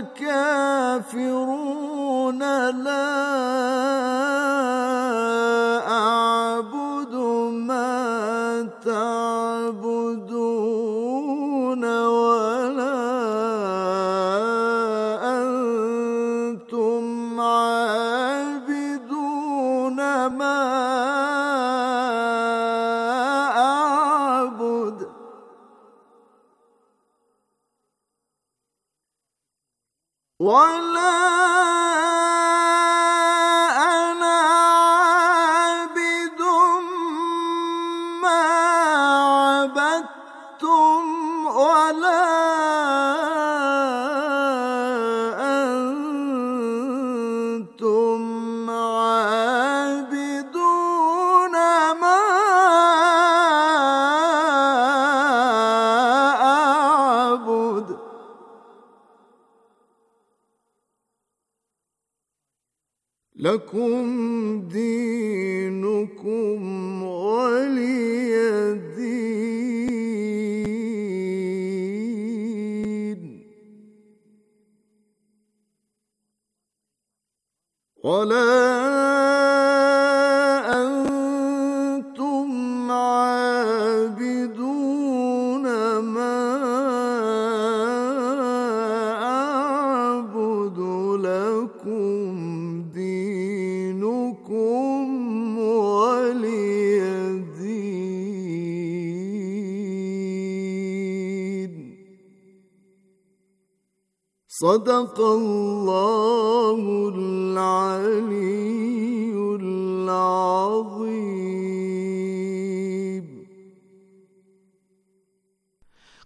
الكافرون لا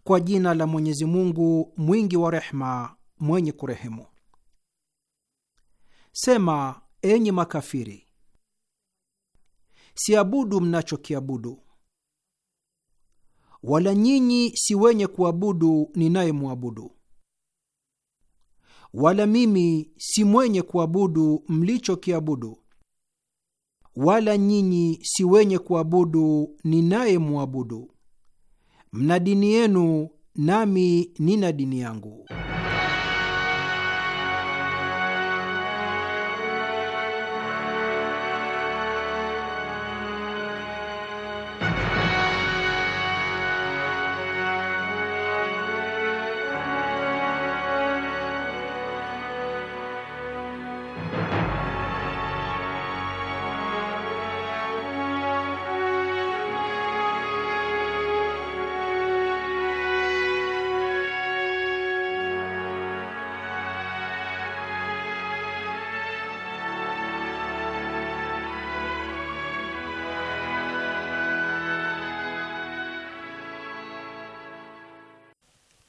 Kwa jina la Mwenyezi Mungu mwingi wa rehma, mwenye kurehemu. Sema, enyi makafiri, siabudu mnachokiabudu, wala nyinyi si wenye kuabudu ninayemwabudu, wala mimi si mwenye kuabudu mlichokiabudu, wala nyinyi si wenye kuabudu ninayemwabudu Mna dini yenu, nami nina dini yangu.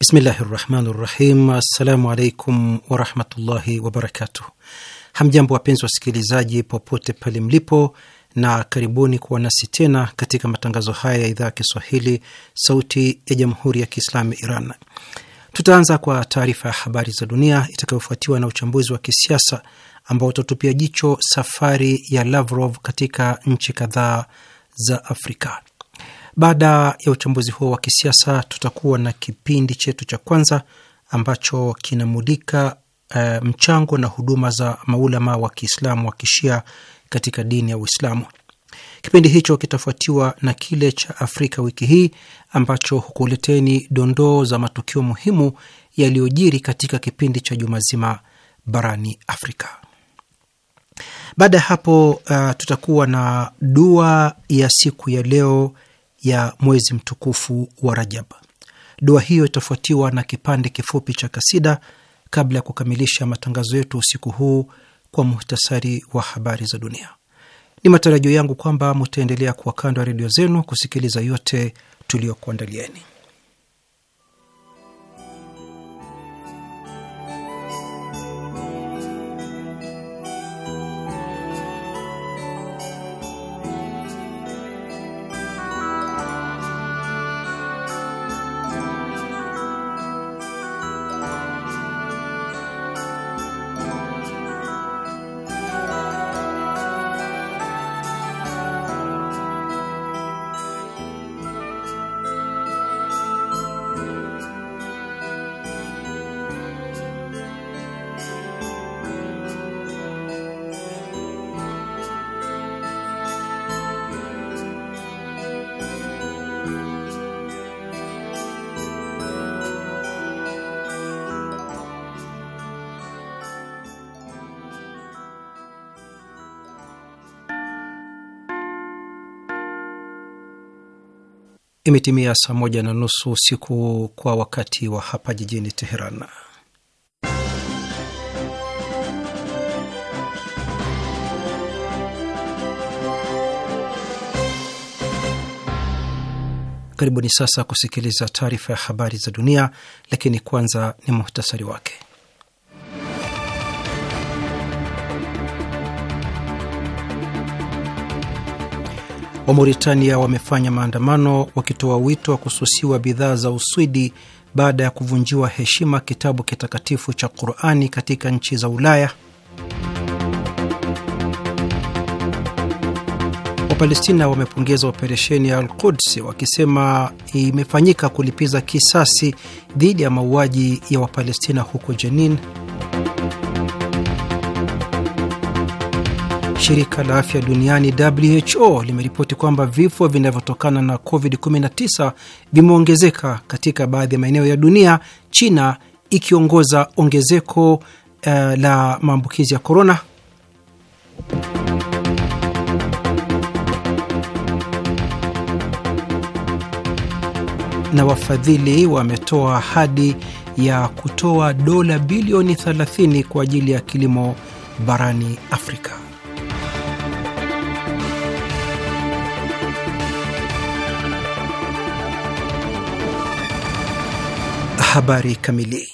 Bismillahi rahmani rahim. Assalamu alaikum warahmatullahi wabarakatuh. Hamjambo wapenzi wasikilizaji, popote pale mlipo, na karibuni kuwa nasi tena katika matangazo haya ya idhaa ya Kiswahili, Sauti ya Jamhuri ya Kiislamu ya Iran. Tutaanza kwa taarifa ya habari za dunia itakayofuatiwa na uchambuzi wa kisiasa ambao utatupia jicho safari ya Lavrov katika nchi kadhaa za Afrika. Baada ya uchambuzi huo wa kisiasa, tutakuwa na kipindi chetu cha kwanza ambacho kinamulika e, mchango na huduma za maulama wa Kiislamu wa kishia katika dini ya Uislamu. Kipindi hicho kitafuatiwa na kile cha Afrika wiki hii ambacho hukuleteni dondoo za matukio muhimu yaliyojiri katika kipindi cha juma zima barani Afrika. Baada ya hapo, uh, tutakuwa na dua ya siku ya leo ya mwezi mtukufu wa Rajab. Dua hiyo itafuatiwa na kipande kifupi cha kasida kabla ya kukamilisha matangazo yetu usiku huu kwa muhtasari wa habari za dunia. Ni matarajio yangu kwamba mutaendelea kuwa kando ya redio zenu kusikiliza yote tuliyokuandalieni. Imetimia saa moja na nusu usiku kwa wakati wa hapa jijini Teheran. Karibuni sasa kusikiliza taarifa ya habari za dunia, lakini kwanza ni muhtasari wake. Mauritania wamefanya maandamano wakitoa wito wa kususiwa bidhaa za Uswidi baada ya kuvunjiwa heshima kitabu kitakatifu cha Qurani katika nchi za Ulaya. Wapalestina wamepongeza operesheni ya Al-Quds wakisema imefanyika kulipiza kisasi dhidi ya mauaji ya Wapalestina huko Jenin. Shirika la afya duniani WHO limeripoti kwamba vifo vinavyotokana na COVID-19 vimeongezeka katika baadhi ya maeneo ya dunia, China ikiongoza ongezeko uh, la maambukizi ya korona. Na wafadhili wametoa ahadi ya kutoa dola bilioni 30 kwa ajili ya kilimo barani Afrika. Habari kamili.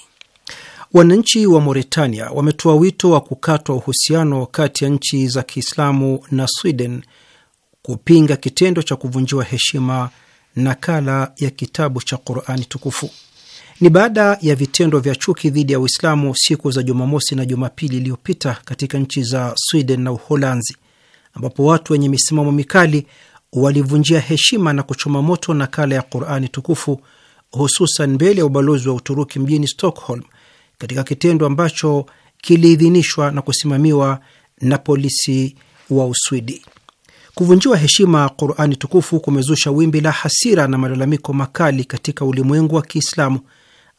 Wananchi wa Mauritania wametoa wito wa kukatwa uhusiano kati ya nchi za Kiislamu na Sweden kupinga kitendo cha kuvunjiwa heshima nakala ya kitabu cha Qurani tukufu. Ni baada ya vitendo vya chuki dhidi ya Uislamu siku za Jumamosi na Jumapili iliyopita katika nchi za Sweden na Uholanzi, ambapo watu wenye misimamo mikali walivunjia heshima na kuchoma moto nakala ya Qurani tukufu hususan mbele ya ubalozi wa Uturuki mjini Stockholm, katika kitendo ambacho kiliidhinishwa na kusimamiwa na polisi wa Uswidi. Kuvunjiwa heshima Qurani tukufu kumezusha wimbi la hasira na malalamiko makali katika ulimwengu wa Kiislamu,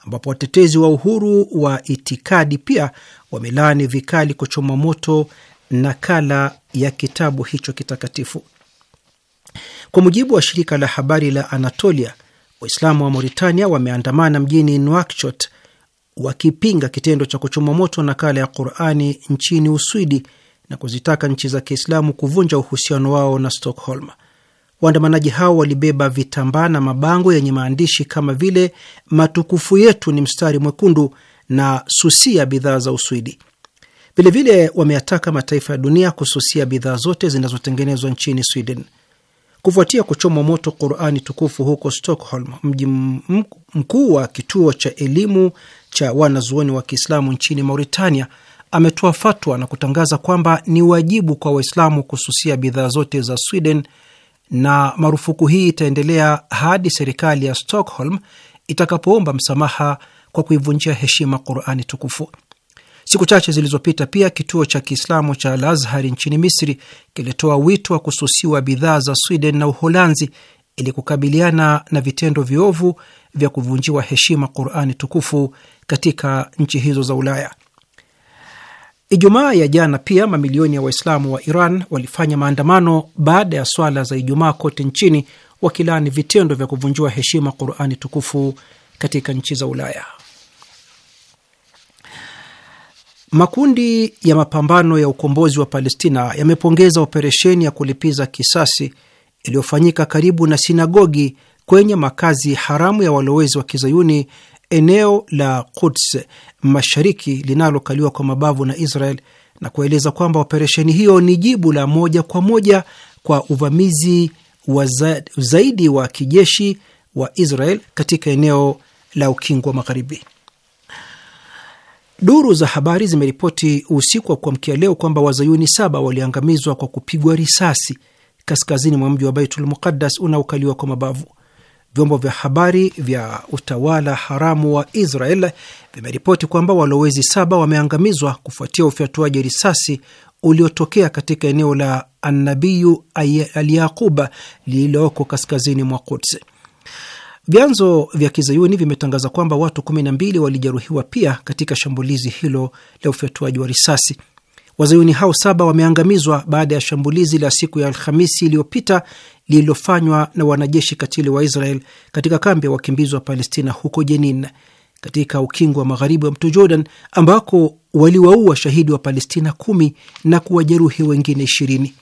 ambapo watetezi wa uhuru wa itikadi pia wamelaani vikali kuchoma moto nakala ya kitabu hicho kitakatifu. Kwa mujibu wa shirika la habari la Anatolia, Waislamu wa Mauritania wameandamana mjini Nouakchott wakipinga kitendo cha kuchoma moto nakala ya Qurani nchini Uswidi na kuzitaka nchi za Kiislamu kuvunja uhusiano wao na Stockholm. Waandamanaji hao walibeba vitambaa na mabango yenye maandishi kama vile matukufu yetu ni mstari mwekundu na susia bidhaa za Uswidi. Vilevile wameyataka mataifa ya dunia kususia bidhaa zote zinazotengenezwa nchini Sweden kufuatia kuchomwa moto Qurani tukufu huko Stockholm, mji mkuu wa kituo cha elimu cha wanazuoni wa Kiislamu nchini Mauritania, ametoa fatwa na kutangaza kwamba ni wajibu kwa Waislamu kususia bidhaa zote za Sweden, na marufuku hii itaendelea hadi serikali ya Stockholm itakapoomba msamaha kwa kuivunjia heshima Qurani tukufu. Siku chache zilizopita pia kituo cha Kiislamu cha Al Azhari nchini Misri kilitoa wito wa kususiwa bidhaa za Sweden na Uholanzi ili kukabiliana na vitendo viovu vya kuvunjiwa heshima Qurani tukufu katika nchi hizo za Ulaya. Ijumaa ya jana pia mamilioni ya Waislamu wa Iran walifanya maandamano baada ya swala za Ijumaa kote nchini wakilaani vitendo vya kuvunjiwa heshima Qurani tukufu katika nchi za Ulaya. Makundi ya mapambano ya ukombozi wa Palestina yamepongeza operesheni ya kulipiza kisasi iliyofanyika karibu na sinagogi kwenye makazi haramu ya walowezi wa kizayuni eneo la Quds mashariki linalokaliwa kwa mabavu na Israel na kueleza kwamba operesheni hiyo ni jibu la moja kwa moja kwa uvamizi wa zaidi wa kijeshi wa Israel katika eneo la ukingo wa Magharibi. Duru za habari zimeripoti usiku wa kuamkia leo kwamba wazayuni saba waliangamizwa kwa kupigwa risasi kaskazini mwa mji wa Baitul Muqaddas unaokaliwa kwa mabavu. Vyombo vya habari vya utawala haramu wa Israel vimeripoti kwamba walowezi saba wameangamizwa kufuatia ufyatuaji risasi uliotokea katika eneo la Annabiyu Alyaquba lililoko kaskazini mwa Kudsi. Vyanzo vya kizayuni vimetangaza kwamba watu 12 walijeruhiwa pia katika shambulizi hilo la ufyatuaji wa risasi. Wazayuni hao saba wameangamizwa baada ya shambulizi la siku ya Alhamisi iliyopita lililofanywa na wanajeshi katili wa Israel katika kambi ya wakimbizi wa Palestina huko Jenin katika ukingo wa magharibi wa mto Jordan, ambako waliwaua shahidi wa Palestina kumi na kuwajeruhi wengine ishirini.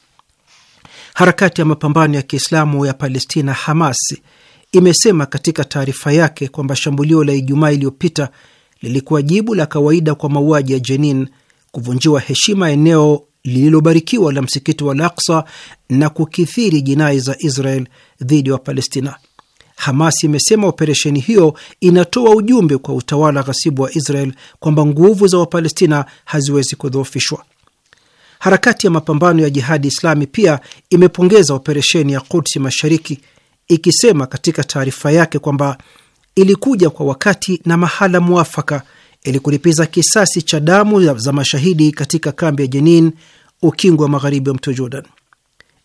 Harakati ya mapambano ya Kiislamu ya Palestina Hamas imesema katika taarifa yake kwamba shambulio la Ijumaa iliyopita lilikuwa jibu la kawaida kwa mauaji ya Jenin, kuvunjiwa heshima eneo lililobarikiwa la msikiti wa Al-Aqsa na kukithiri jinai za Israel dhidi ya Palestina. Hamas imesema operesheni hiyo inatoa ujumbe kwa utawala ghasibu wa Israel kwamba nguvu za Wapalestina haziwezi kudhoofishwa. Harakati ya mapambano ya Jihadi Islami pia imepongeza operesheni ya Kudsi Mashariki ikisema katika taarifa yake kwamba ilikuja kwa wakati na mahala mwafaka ili kulipiza kisasi cha damu za mashahidi katika kambi ya Jenin, ukingo wa magharibi wa mto Jordan.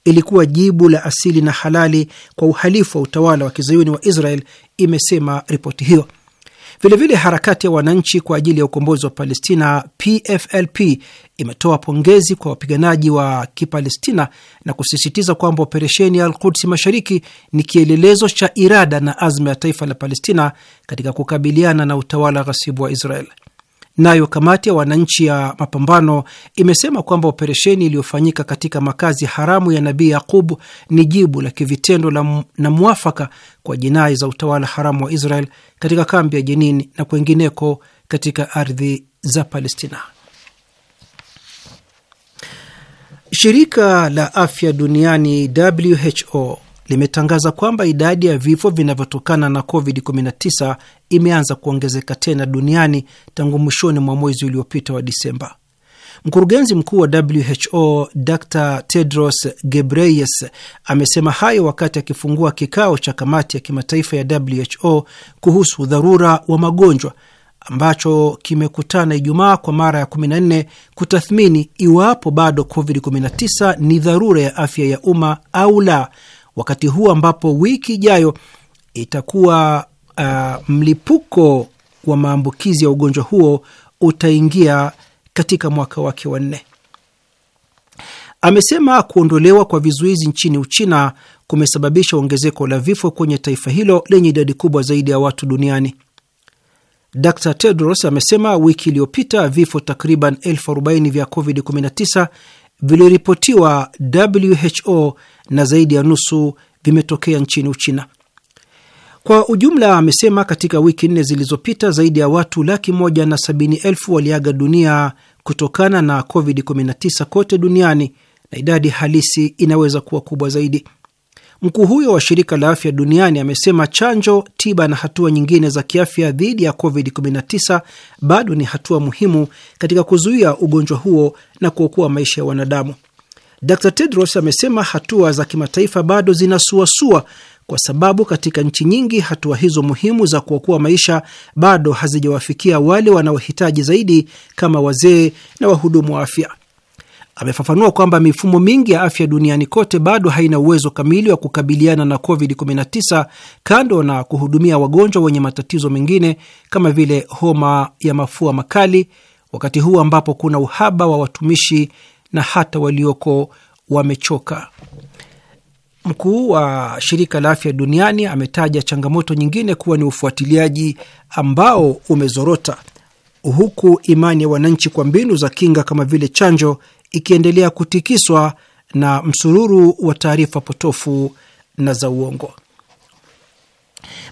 Ilikuwa jibu la asili na halali kwa uhalifu wa utawala wa kizayuni wa Israel, imesema ripoti hiyo. Vilevile, harakati ya wananchi kwa ajili ya ukombozi wa Palestina, PFLP, imetoa pongezi kwa wapiganaji wa Kipalestina na kusisitiza kwamba operesheni ya Al-Quds mashariki ni kielelezo cha irada na azma ya taifa la Palestina katika kukabiliana na utawala ghasibu wa Israel. Nayo kamati ya wananchi ya mapambano imesema kwamba operesheni iliyofanyika katika makazi haramu ya Nabii Yaqub ni jibu la kivitendo na mwafaka kwa jinai za utawala haramu wa Israel katika kambi ya jenini na kwengineko katika ardhi za Palestina. Shirika la afya duniani WHO limetangaza kwamba idadi ya vifo vinavyotokana na COVID-19 imeanza kuongezeka tena duniani tangu mwishoni mwa mwezi uliopita wa Disemba. Mkurugenzi mkuu wa WHO Dr Tedros Ghebreyesus amesema hayo wakati akifungua kikao cha kamati ya kimataifa ya WHO kuhusu dharura wa magonjwa ambacho kimekutana Ijumaa kwa mara ya 14 kutathmini iwapo bado COVID-19 ni dharura ya afya ya umma au la, wakati huu ambapo wiki ijayo itakuwa uh, mlipuko wa maambukizi ya ugonjwa huo utaingia katika mwaka wake wa nne. Amesema kuondolewa kwa vizuizi nchini Uchina kumesababisha ongezeko la vifo kwenye taifa hilo lenye idadi kubwa zaidi ya watu duniani. Dr Tedros amesema wiki iliyopita vifo takriban elfu arobaini vya COVID-19 viliripotiwa WHO na zaidi ya nusu vimetokea nchini Uchina. Kwa ujumla, amesema katika wiki nne zilizopita zaidi ya watu laki moja na sabini elfu waliaga dunia kutokana na COVID-19 kote duniani na idadi halisi inaweza kuwa kubwa zaidi. Mkuu huyo wa shirika la afya duniani amesema chanjo, tiba na hatua nyingine za kiafya dhidi ya COVID-19 bado ni hatua muhimu katika kuzuia ugonjwa huo na kuokoa maisha ya wanadamu. Dr Tedros amesema hatua za kimataifa bado zinasuasua kwa sababu katika nchi nyingi hatua hizo muhimu za kuokoa maisha bado hazijawafikia wale wanaohitaji zaidi kama wazee na wahudumu wa afya. Amefafanua kwamba mifumo mingi ya afya duniani kote bado haina uwezo kamili wa kukabiliana na COVID-19 kando na kuhudumia wagonjwa wenye matatizo mengine kama vile homa ya mafua makali, wakati huu ambapo kuna uhaba wa watumishi na hata walioko wamechoka. Mkuu wa shirika la afya duniani ametaja changamoto nyingine kuwa ni ufuatiliaji ambao umezorota, huku imani ya wananchi kwa mbinu za kinga kama vile chanjo ikiendelea kutikiswa na msururu wa taarifa potofu na za uongo.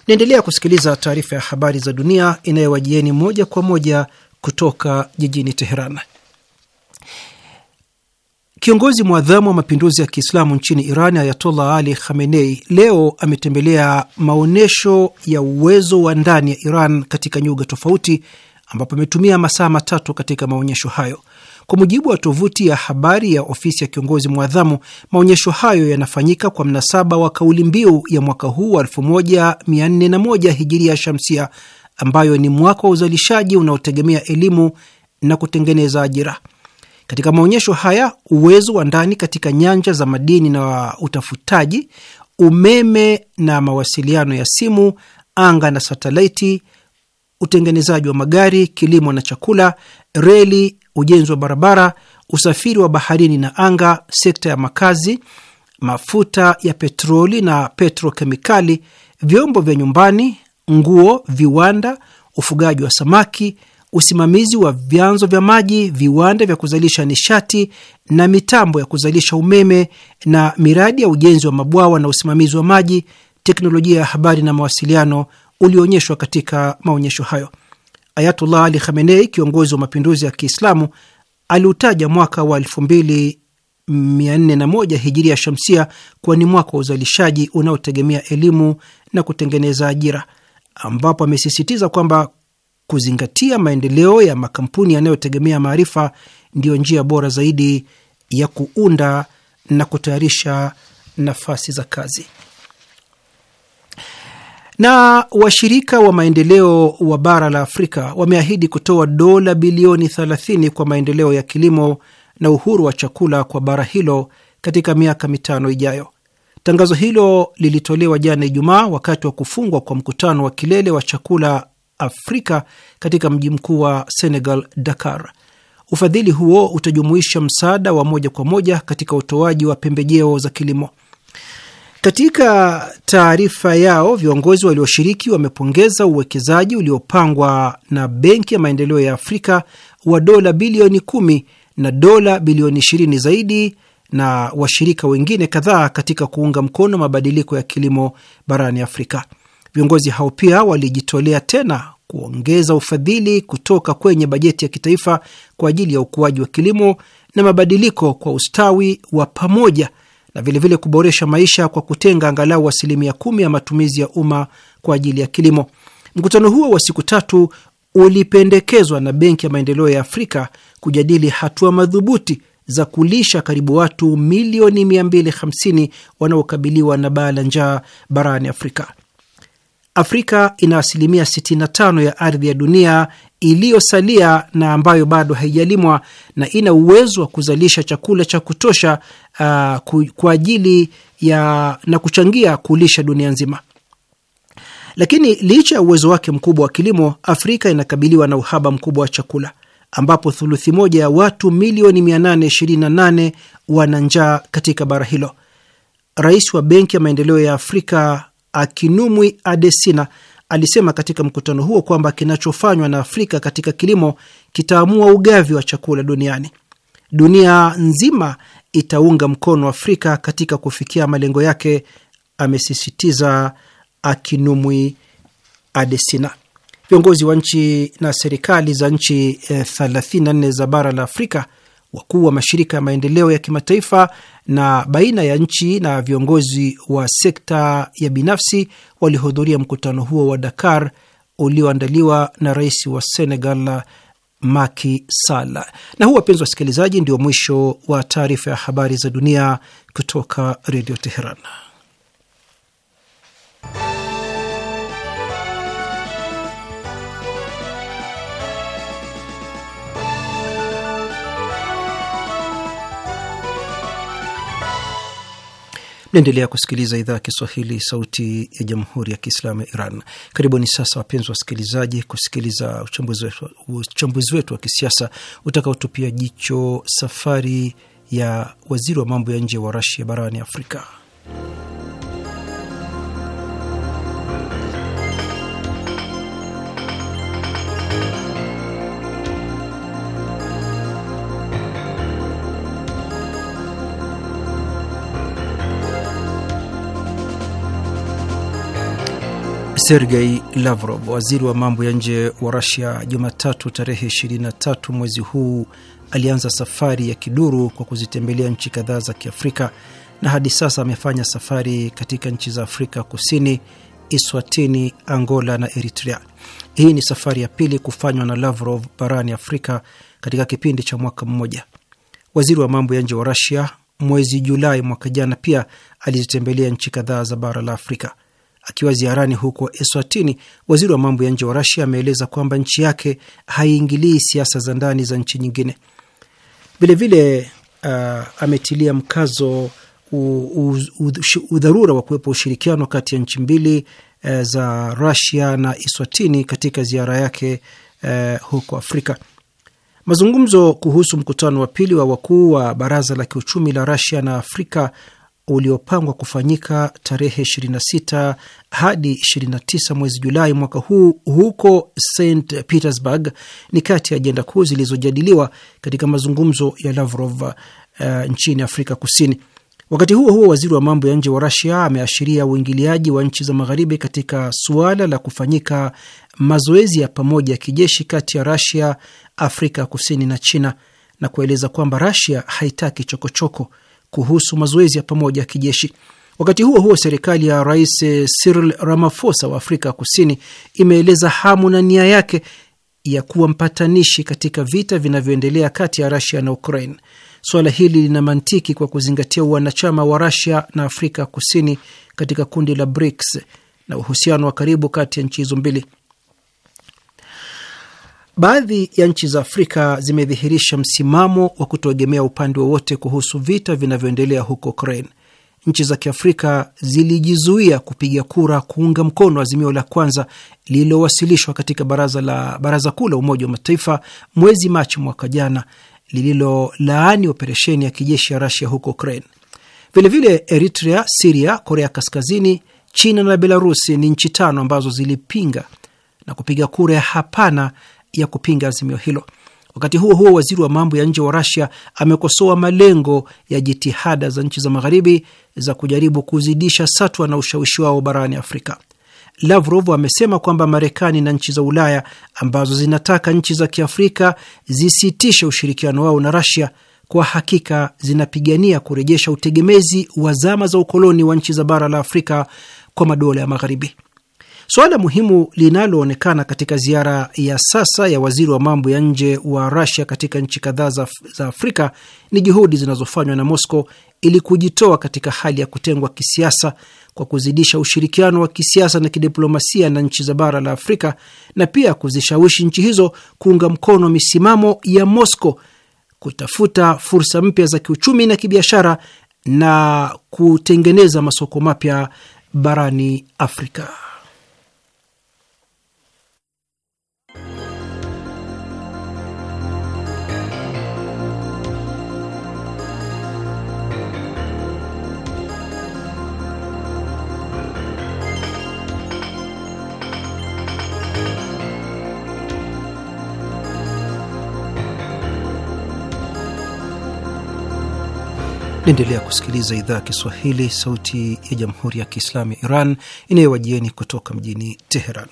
Mnaendelea kusikiliza taarifa ya habari za dunia inayowajieni moja kwa moja kutoka jijini Teheran. Kiongozi mwadhamu wa mapinduzi ya Kiislamu nchini Iran, Ayatollah Ali Khamenei, leo ametembelea maonyesho ya uwezo wa ndani ya Iran katika nyuga tofauti, ambapo ametumia masaa matatu katika maonyesho hayo. Kwa mujibu wa tovuti ya habari ya ofisi ya kiongozi mwadhamu, maonyesho hayo yanafanyika kwa mnasaba wa kauli mbiu ya mwaka huu wa 1401 hijiria shamsia, ambayo ni mwaka wa uzalishaji unaotegemea elimu na kutengeneza ajira. Katika maonyesho haya, uwezo wa ndani katika nyanja za madini na utafutaji, umeme na mawasiliano ya simu, anga na satelaiti, utengenezaji wa magari, kilimo na chakula, reli, ujenzi wa barabara, usafiri wa baharini na anga, sekta ya makazi, mafuta ya petroli na petrokemikali, vyombo vya nyumbani, nguo, viwanda, ufugaji wa samaki usimamizi wa vyanzo vya maji, viwanda vya kuzalisha nishati na mitambo ya kuzalisha umeme na miradi ya ujenzi wa mabwawa na usimamizi wa maji, teknolojia ya habari na mawasiliano ulioonyeshwa katika maonyesho hayo. Ayatullah Ali Khamenei, kiongozi wa mapinduzi ya Kiislamu, aliutaja mwaka wa 2401 hijiria shamsia kuwa ni mwaka wa uzalishaji unaotegemea elimu na kutengeneza ajira, ambapo amesisitiza kwamba kuzingatia maendeleo ya makampuni yanayotegemea maarifa ndiyo njia bora zaidi ya kuunda na kutayarisha nafasi za kazi. Na washirika wa maendeleo wa bara la Afrika wameahidi kutoa dola bilioni 30 kwa maendeleo ya kilimo na uhuru wa chakula kwa bara hilo katika miaka mitano ijayo. Tangazo hilo lilitolewa jana Ijumaa wakati wa kufungwa kwa mkutano wa kilele wa chakula Afrika katika mji mkuu wa Senegal, Dakar. Ufadhili huo utajumuisha msaada wa moja kwa moja katika utoaji wa pembejeo za kilimo. Katika taarifa yao, viongozi walioshiriki wamepongeza uwekezaji uliopangwa na Benki ya Maendeleo ya Afrika wa dola bilioni kumi na dola bilioni ishirini zaidi na washirika wengine kadhaa katika kuunga mkono mabadiliko ya kilimo barani Afrika. Viongozi hao pia walijitolea tena kuongeza ufadhili kutoka kwenye bajeti ya kitaifa kwa ajili ya ukuaji wa kilimo na mabadiliko kwa ustawi wa pamoja na vilevile vile kuboresha maisha kwa kutenga angalau asilimia kumi ya matumizi ya umma kwa ajili ya kilimo. Mkutano huo wa siku tatu ulipendekezwa na Benki ya Maendeleo ya Afrika kujadili hatua madhubuti za kulisha karibu watu milioni 250 wanaokabiliwa na baa la njaa barani Afrika. Afrika ina asilimia 65 ya ardhi ya dunia iliyosalia na ambayo bado haijalimwa na ina uwezo wa kuzalisha chakula cha kutosha uh, kwa ajili ya na kuchangia kulisha dunia nzima. Lakini licha ya uwezo wake mkubwa wa kilimo, Afrika inakabiliwa na uhaba mkubwa wa chakula ambapo thuluthi moja ya watu milioni 828 wana njaa katika bara hilo. Rais wa Benki ya Maendeleo ya Afrika Akinumwi Adesina alisema katika mkutano huo kwamba kinachofanywa na Afrika katika kilimo kitaamua ugavi wa chakula duniani. Dunia nzima itaunga mkono Afrika katika kufikia malengo yake, amesisitiza Akinumwi Adesina. Viongozi wa nchi na serikali za nchi 34 eh, za bara la Afrika wakuu wa mashirika ya maendeleo ya kimataifa na baina ya nchi na viongozi wa sekta ya binafsi walihudhuria mkutano huo wa Dakar ulioandaliwa na rais wa Senegal Macky Sall. Na huu, wapenzi wasikilizaji, ndio mwisho wa taarifa ya habari za dunia kutoka Redio Teheran. Naendelea kusikiliza idhaa ya Kiswahili, sauti ya jamhuri ya kiislamu ya Iran. Karibuni sasa, wapenzi wasikilizaji, kusikiliza uchambuzi wetu, uchambuzi wetu wa kisiasa utakaotupia jicho safari ya waziri wa mambo ya nje wa Rasia barani Afrika. Sergei Lavrov, waziri wa mambo ya nje wa Rasia, Jumatatu tarehe 23 mwezi huu alianza safari ya kiduru kwa kuzitembelea nchi kadhaa za Kiafrika na hadi sasa amefanya safari katika nchi za Afrika Kusini, Iswatini, Angola na Eritrea. Hii ni safari ya pili kufanywa na Lavrov barani Afrika katika kipindi cha mwaka mmoja. Waziri wa mambo ya nje wa Rasia mwezi Julai mwaka jana pia alizitembelea nchi kadhaa za bara la Afrika. Akiwa ziarani huko Eswatini, waziri wa mambo ya nje wa Rasia ameeleza kwamba nchi yake haiingilii siasa za ndani za nchi nyingine. Vilevile uh, ametilia mkazo udharura wa kuwepo ushirikiano kati ya nchi mbili uh, za Rasia na Eswatini katika ziara yake uh, huko Afrika. Mazungumzo kuhusu mkutano wa pili wa wakuu wa baraza la kiuchumi la Rasia na Afrika uliopangwa kufanyika tarehe 26 hadi 29 mwezi Julai mwaka huu huko St Petersburg ni kati ya ajenda kuu zilizojadiliwa katika mazungumzo ya Lavrov uh, nchini Afrika Kusini. Wakati huo huo, waziri wa mambo ya nje wa Rusia ameashiria uingiliaji wa nchi za magharibi katika suala la kufanyika mazoezi ya pamoja ya kijeshi kati ya Rusia, Afrika Kusini na China na kueleza kwamba Rusia haitaki chokochoko choko kuhusu mazoezi ya pamoja ya kijeshi. Wakati huo huo, serikali ya Rais eh, Cyril Ramaphosa wa Afrika Kusini imeeleza hamu na nia yake ya kuwa mpatanishi katika vita vinavyoendelea kati ya rasia na Ukraine. Suala hili lina mantiki kwa kuzingatia wanachama wa rasia na Afrika Kusini katika kundi la BRICS na uhusiano wa karibu kati ya nchi hizo mbili. Baadhi ya nchi za Afrika zimedhihirisha msimamo wa kutoegemea upande wowote kuhusu vita vinavyoendelea huko Ukraine. Nchi za Kiafrika zilijizuia kupiga kura kuunga mkono azimio la kwanza lililowasilishwa katika baraza la baraza kuu la Umoja wa Mataifa mwezi Machi mwaka jana lililolaani operesheni ya kijeshi ya Rasia huko Ukraine. Vilevile Eritrea, Siria, Korea Kaskazini, China na Belarusi ni nchi tano ambazo zilipinga na kupiga kura ya hapana ya kupinga azimio hilo. Wakati huo huo, waziri wa mambo ya nje wa rasia amekosoa malengo ya jitihada za nchi za magharibi za kujaribu kuzidisha satwa na ushawishi wao barani Afrika. Lavrov amesema kwamba Marekani na nchi za Ulaya ambazo zinataka nchi za kiafrika zisitishe ushirikiano wao na rasia kwa hakika zinapigania kurejesha utegemezi wa zama za ukoloni wa nchi za bara la Afrika kwa madola ya magharibi. Suala muhimu linaloonekana katika ziara ya sasa ya waziri wa mambo ya nje wa rasia katika nchi kadhaa za, za Afrika ni juhudi zinazofanywa na Moscow ili kujitoa katika hali ya kutengwa kisiasa kwa kuzidisha ushirikiano wa kisiasa na kidiplomasia na nchi za bara la Afrika na pia kuzishawishi nchi hizo kuunga mkono misimamo ya Moscow, kutafuta fursa mpya za kiuchumi na kibiashara na kutengeneza masoko mapya barani Afrika. Naendelea kusikiliza idhaa ya Kiswahili, sauti ya jamhuri ya kiislamu ya Iran inayowajieni kutoka mjini Teheran.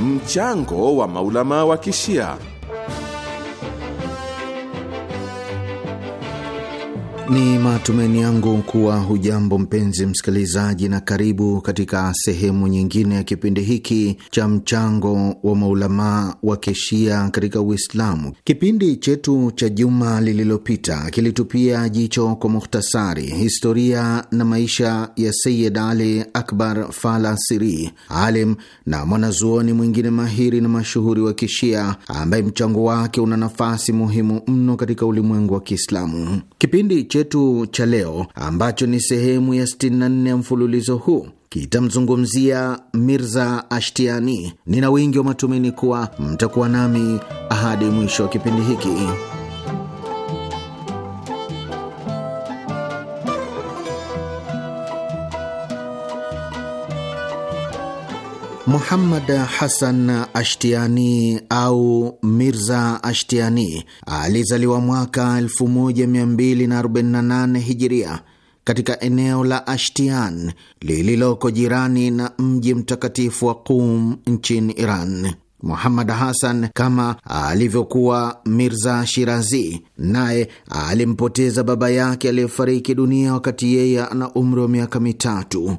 Mchango wa maulama wa kishia Ni matumaini yangu kuwa hujambo mpenzi msikilizaji, na karibu katika sehemu nyingine ya kipindi hiki cha mchango wa maulamaa wa keshia katika Uislamu. Kipindi chetu cha juma lililopita kilitupia jicho kwa mukhtasari historia na maisha ya Sayid Ali Akbar Falasiri, alim na mwanazuoni mwingine mahiri na mashuhuri wa kishia ambaye mchango wake una nafasi muhimu mno katika ulimwengu wa Kiislamu. Kipindi chetu cha leo ambacho ni sehemu ya 64 ya mfululizo huu kitamzungumzia Mirza Ashtiani. Nina wingi wa matumaini kuwa mtakuwa nami hadi mwisho wa kipindi hiki. Muhammad Hasan Ashtiani au Mirza Ashtiani alizaliwa mwaka 1248 Hijiria katika eneo la Ashtian lililoko jirani na mji mtakatifu wa Qum nchini Iran. Muhammad Hasan, kama alivyokuwa Mirza Shirazi, naye alimpoteza baba yake aliyefariki dunia wakati yeye ana umri wa miaka mitatu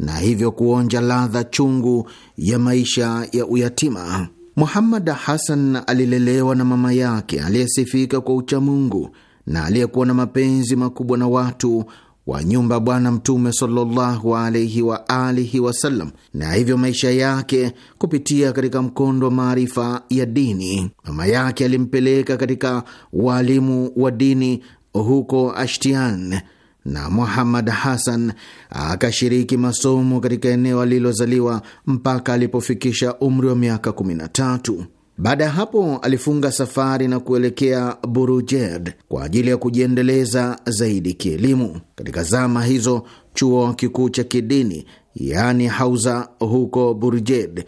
na hivyo kuonja ladha chungu ya maisha ya uyatima. Muhammad Hasan alilelewa na mama yake aliyesifika kwa uchamungu na aliyekuwa na mapenzi makubwa na watu wa nyumba Bwana Mtume sallallahu alaihi wa alihi wasallam, na hivyo maisha yake kupitia katika mkondo wa maarifa ya dini. Mama yake alimpeleka katika waalimu wa dini huko Ashtian na Muhammad hassan akashiriki masomo katika eneo alilozaliwa mpaka alipofikisha umri wa miaka 13. Baada ya hapo alifunga safari na kuelekea Burujerd kwa ajili ya kujiendeleza zaidi kielimu. Katika zama hizo, chuo kikuu cha kidini yaani hauza huko Burujerd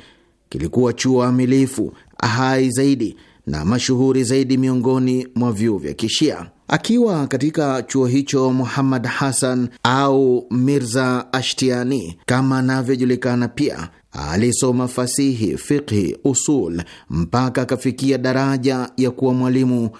kilikuwa chuo amilifu hai zaidi na mashuhuri zaidi miongoni mwa vyuo vya Kishia. Akiwa katika chuo hicho, Muhammad Hassan au Mirza Ashtiani kama anavyojulikana pia alisoma fasihi, fiqhi, usul mpaka akafikia daraja ya kuwa mwalimu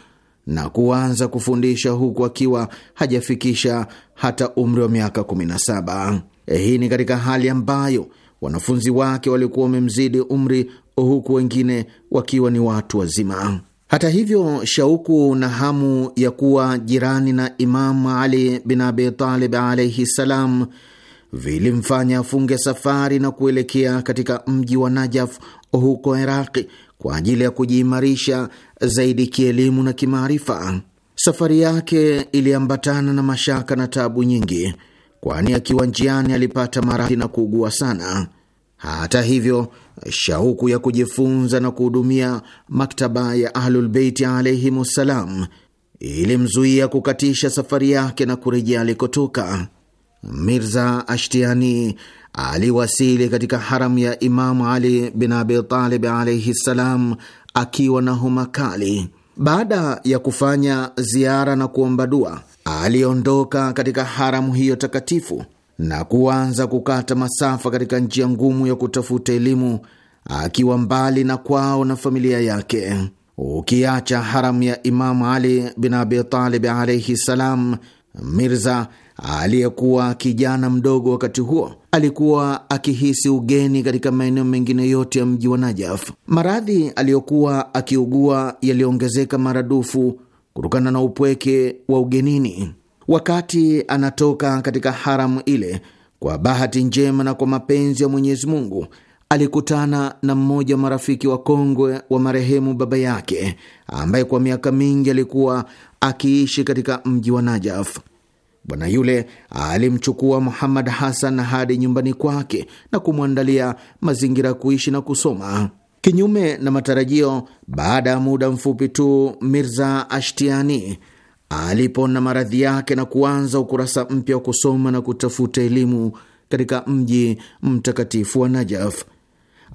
na kuanza kufundisha huku akiwa hajafikisha hata umri wa miaka 17. Eh, hii ni katika hali ambayo wanafunzi wake walikuwa wamemzidi umri huku wengine wakiwa ni watu wazima. Hata hivyo, shauku na hamu ya kuwa jirani na Imamu Ali bin Abi Talib alaihi ssalam vilimfanya afunge safari na kuelekea katika mji wa Najaf huko Iraqi kwa ajili ya kujiimarisha zaidi kielimu na kimaarifa. Safari yake iliambatana na mashaka na tabu nyingi, kwani akiwa njiani alipata maradhi na kuugua sana. Hata hivyo shauku ya kujifunza na kuhudumia maktaba ya Ahlulbeiti alaihimussalam ilimzuia kukatisha safari yake na kurejea alikotoka. Mirza Ashtiani aliwasili katika haramu ya Imamu Ali bin Abitalib alaihi ssalam akiwa na homa kali. Baada ya kufanya ziara na kuomba dua, aliondoka katika haramu hiyo takatifu na kuanza kukata masafa katika njia ngumu ya kutafuta elimu, akiwa mbali na kwao na familia yake. Ukiacha haramu ya Imamu Ali bin Abi Talib alaihi salam, Mirza aliyekuwa kijana mdogo wakati huo alikuwa akihisi ugeni katika maeneo mengine yote ya mji wa Najaf. Maradhi aliyokuwa akiugua yaliongezeka maradufu kutokana na upweke wa ugenini. Wakati anatoka katika haramu ile, kwa bahati njema na kwa mapenzi ya Mwenyezi Mungu, alikutana na mmoja wa marafiki wa kongwe wa marehemu baba yake ambaye kwa miaka mingi alikuwa akiishi katika mji wa Najaf. Bwana yule alimchukua Muhammad Hasan hadi nyumbani kwake na kumwandalia mazingira ya kuishi na kusoma. Kinyume na matarajio, baada ya muda mfupi tu Mirza Ashtiani alipona maradhi yake na kuanza ukurasa mpya wa kusoma na kutafuta elimu katika mji mtakatifu wa Najaf.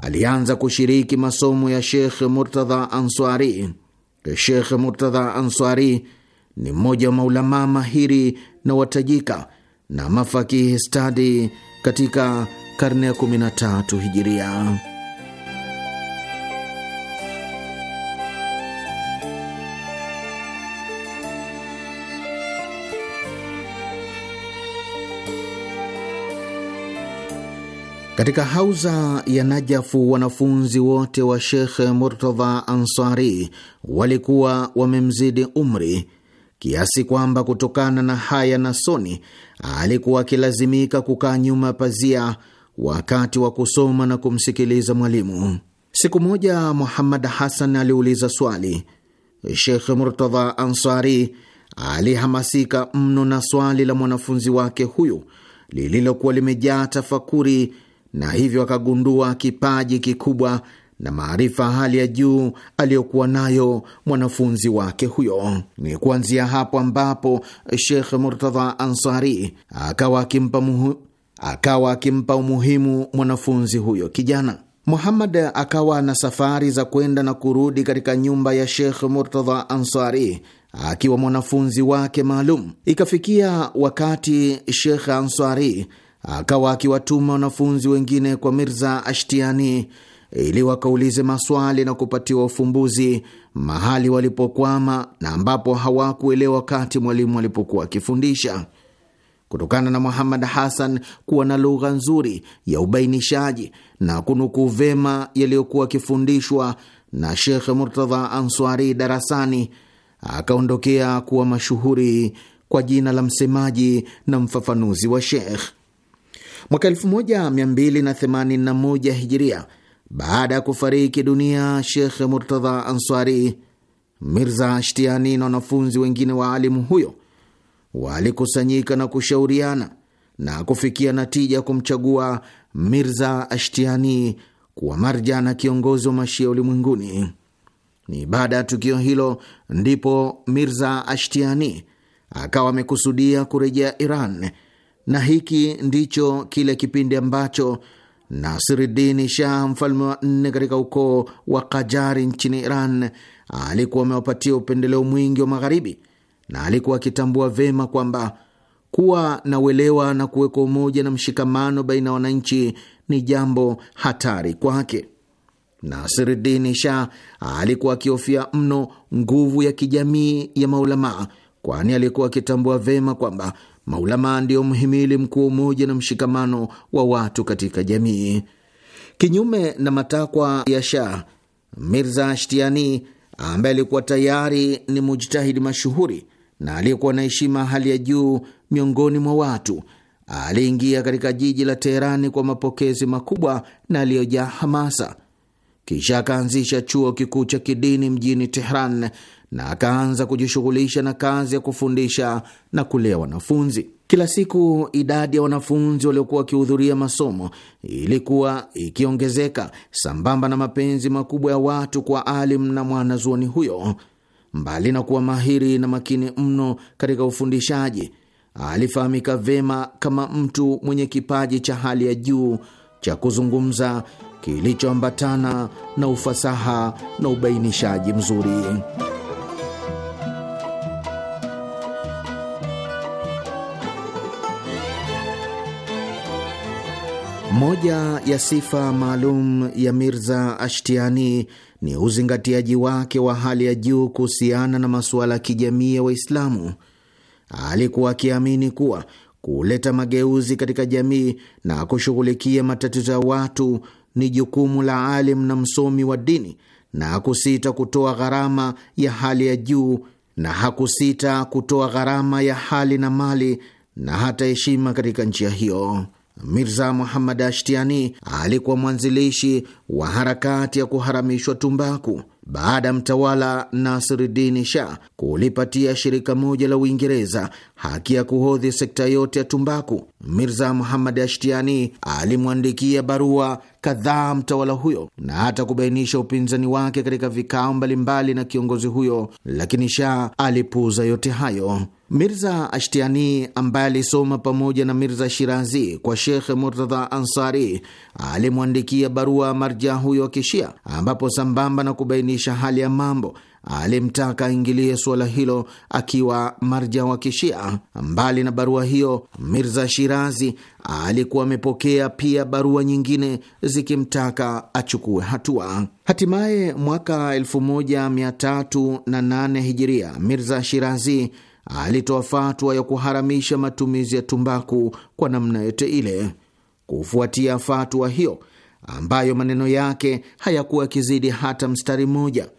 Alianza kushiriki masomo ya Shekh Murtadha Answari. Shekh Murtadha Answari ni mmoja wa maulamaa mahiri na watajika na mafakihi stadi katika karne ya 13 Hijiria. Katika hauza ya Najafu, wanafunzi wote wa Shekh Murtadha Ansari walikuwa wamemzidi umri kiasi kwamba kutokana na haya na soni alikuwa akilazimika kukaa nyuma pazia wakati wa kusoma na kumsikiliza mwalimu. Siku moja Muhammad Hasan aliuliza swali. Shekh Murtadha Ansari alihamasika mno na swali la mwanafunzi wake huyu lililokuwa limejaa tafakuri na hivyo akagundua kipaji kikubwa na maarifa hali ya juu aliyokuwa nayo mwanafunzi wake huyo. Ni kuanzia hapo ambapo Shekh Murtadha Ansari akawa akimpa muhu, akawa akimpa umuhimu mwanafunzi huyo kijana. Muhammad akawa na safari za kwenda na kurudi katika nyumba ya Shekh Murtadha Ansari akiwa mwanafunzi wake maalum. Ikafikia wakati Shekh Ansari akawa akiwatuma wanafunzi wengine kwa Mirza Ashtiani ili wakaulize maswali na kupatiwa ufumbuzi mahali walipokwama na ambapo hawakuelewa wakati mwalimu alipokuwa akifundisha. Kutokana na Muhammad Hasan kuwa na lugha nzuri ya ubainishaji na kunukuu vema yaliyokuwa akifundishwa na Shekh Murtadha Answari darasani, akaondokea kuwa mashuhuri kwa jina la msemaji na mfafanuzi wa Shekh. Mwaka 1281 hijiria, baada ya kufariki dunia Shekh Murtadha Ansari, Mirza Shtiani na wanafunzi wengine wa alimu huyo walikusanyika na kushauriana na kufikia natija ya kumchagua Mirza Ashtiani kuwa marja na kiongozi wa mashia ulimwenguni. Ni baada ya tukio hilo ndipo Mirza Ashtiani akawa amekusudia kurejea Iran na hiki ndicho kile kipindi ambacho Nasiridini Shah, mfalme wa nne katika ukoo wa Kajari nchini Iran, alikuwa amewapatia upendeleo mwingi wa Magharibi, na alikuwa akitambua vema kwamba kuwa na uelewa na kuwekwa umoja na mshikamano baina ya wananchi ni jambo hatari kwake. Nasiridini Shah alikuwa akihofia mno nguvu ya kijamii ya maulamaa, kwani alikuwa akitambua vema kwamba Maulamaa ndio mhimili mkuu wa umoja na mshikamano wa watu katika jamii. Kinyume na matakwa ya Shah, Mirza shtiani ambaye alikuwa tayari ni mujtahidi mashuhuri na aliyekuwa na heshima hali ya juu miongoni mwa watu, aliingia katika jiji la Teherani kwa mapokezi makubwa na aliyojaa hamasa. Kisha akaanzisha chuo kikuu cha kidini mjini teheran na akaanza kujishughulisha na kazi ya kufundisha na kulea wanafunzi. Kila siku idadi ya wanafunzi waliokuwa wakihudhuria masomo ilikuwa ikiongezeka sambamba na mapenzi makubwa ya watu kwa alim na mwanazuoni huyo. Mbali na kuwa mahiri na makini mno katika ufundishaji, alifahamika vema kama mtu mwenye kipaji cha hali ya juu cha kuzungumza kilichoambatana na ufasaha na ubainishaji mzuri. Moja ya sifa maalum ya Mirza Ashtiani ni uzingatiaji wake wa hali ya juu kuhusiana na masuala ya kijamii ya Waislamu. Alikuwa akiamini kuwa kuleta mageuzi katika jamii na kushughulikia matatizo ya watu ni jukumu la alim na msomi wa dini, na hakusita kutoa gharama ya hali ya juu, na hakusita kutoa gharama ya hali na mali na hata heshima katika njia hiyo. Mirza Muhammad Ashtiani alikuwa mwanzilishi wa harakati ya kuharamishwa tumbaku baada ya mtawala Nasiruddin Shah kulipatia shirika moja la Uingereza haki ya kuhodhi sekta yote ya tumbaku, Mirza Muhammad Ashtiani alimwandikia barua kadhaa mtawala huyo na hata kubainisha upinzani wake katika vikao mbalimbali na kiongozi huyo, lakini Shah alipuuza yote hayo. Mirza Ashtiani ambaye alisoma pamoja na Mirza Shirazi kwa Shekhe Murtadha Ansari alimwandikia barua marja huyo wa Kishia, ambapo sambamba na kubainisha hali ya mambo alimtaka aingilie suala hilo akiwa marja wa Kishia. Mbali na barua hiyo, Mirza Shirazi alikuwa amepokea pia barua nyingine zikimtaka achukue hatua. Hatimaye mwaka 1308 Hijiria, Mirza Shirazi alitoa fatwa ya kuharamisha matumizi ya tumbaku kwa namna yote ile. Kufuatia fatwa hiyo ambayo maneno yake hayakuwa yakizidi hata mstari mmoja,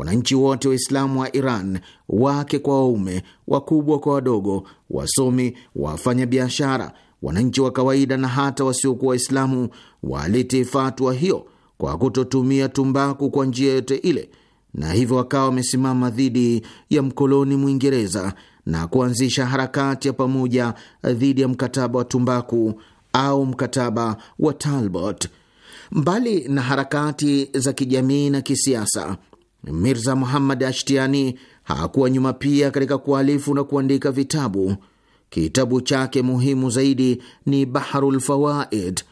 wananchi wote Waislamu wa Iran, wake kwa waume, wakubwa kwa wadogo, wasomi, wafanyabiashara, wananchi wa kawaida na hata wasiokuwa Waislamu waliti fatwa hiyo kwa kutotumia tumbaku kwa njia yote ile, na hivyo wakawa wamesimama dhidi ya mkoloni Mwingereza na kuanzisha harakati ya pamoja dhidi ya mkataba wa tumbaku au mkataba wa Talbot. Mbali na harakati za kijamii na kisiasa, Mirza Muhammad Ashtiani hakuwa nyuma pia katika kualifu na kuandika vitabu. Kitabu chake muhimu zaidi ni Baharul Fawaid.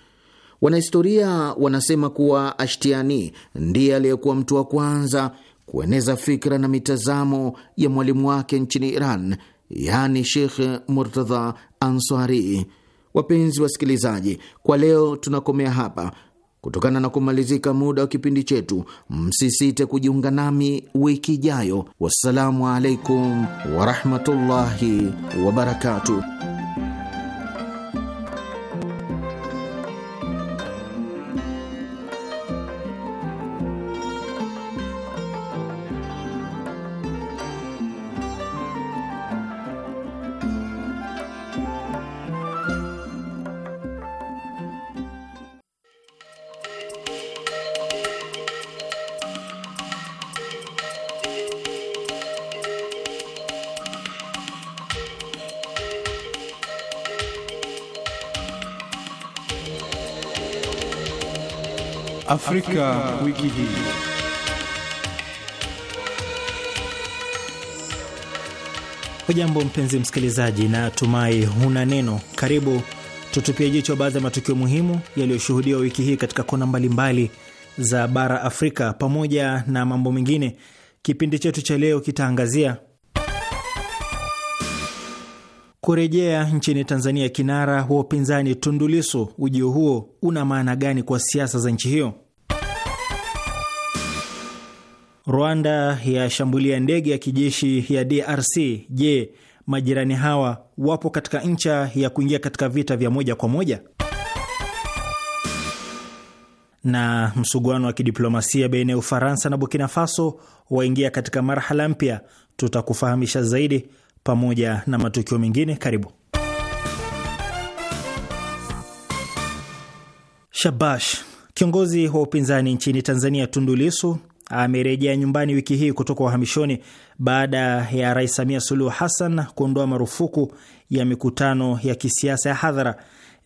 Wanahistoria wanasema kuwa Ashtiani ndiye aliyekuwa mtu wa kwanza kueneza fikra na mitazamo ya mwalimu wake nchini Iran, yaani Sheikh Murtadha Ansari. Wapenzi wasikilizaji, kwa leo tunakomea hapa Kutokana na kumalizika muda wa kipindi chetu, msisite kujiunga nami wiki ijayo. Wassalamu alaikum warahmatullahi wabarakatuh. Afrika, Wiki hii. Hujambo mpenzi msikilizaji, na tumai huna neno. Karibu tutupie jicho baadhi ya matukio muhimu yaliyoshuhudiwa wiki hii katika kona mbalimbali za bara Afrika. Pamoja na mambo mengine, kipindi chetu cha leo kitaangazia kurejea nchini Tanzania kinara wa upinzani tundulisu ujio huo una maana gani kwa siasa za nchi hiyo? Rwanda yashambulia ndege ya kijeshi ya DRC. Je, majirani hawa wapo katika ncha ya kuingia katika vita vya moja kwa moja? Na msuguano wa kidiplomasia baina ya Ufaransa na Burkina Faso waingia katika marhala mpya. Tutakufahamisha zaidi pamoja na matukio mengine. Karibu. Shabash. Kiongozi wa upinzani nchini Tanzania Tundu lisu amerejea nyumbani wiki hii kutoka uhamishoni baada ya Rais Samia Suluhu Hassan kuondoa marufuku ya mikutano ya kisiasa ya hadhara.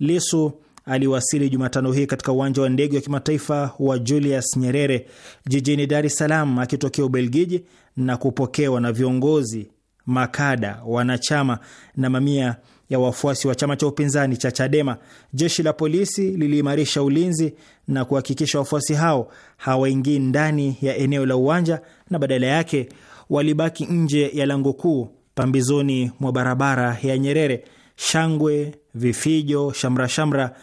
lisu aliwasili Jumatano hii katika uwanja wa ndege wa kimataifa wa Julius Nyerere jijini Dar es Salaam akitokea Ubelgiji na kupokewa na viongozi makada, wanachama na mamia ya wafuasi wa chama cha upinzani cha Chadema. Jeshi la polisi liliimarisha ulinzi na kuhakikisha wafuasi hao hawaingii ndani ya eneo la uwanja, na badala yake walibaki nje ya lango kuu pambizoni mwa barabara ya Nyerere. Shangwe, vifijo, shamrashamra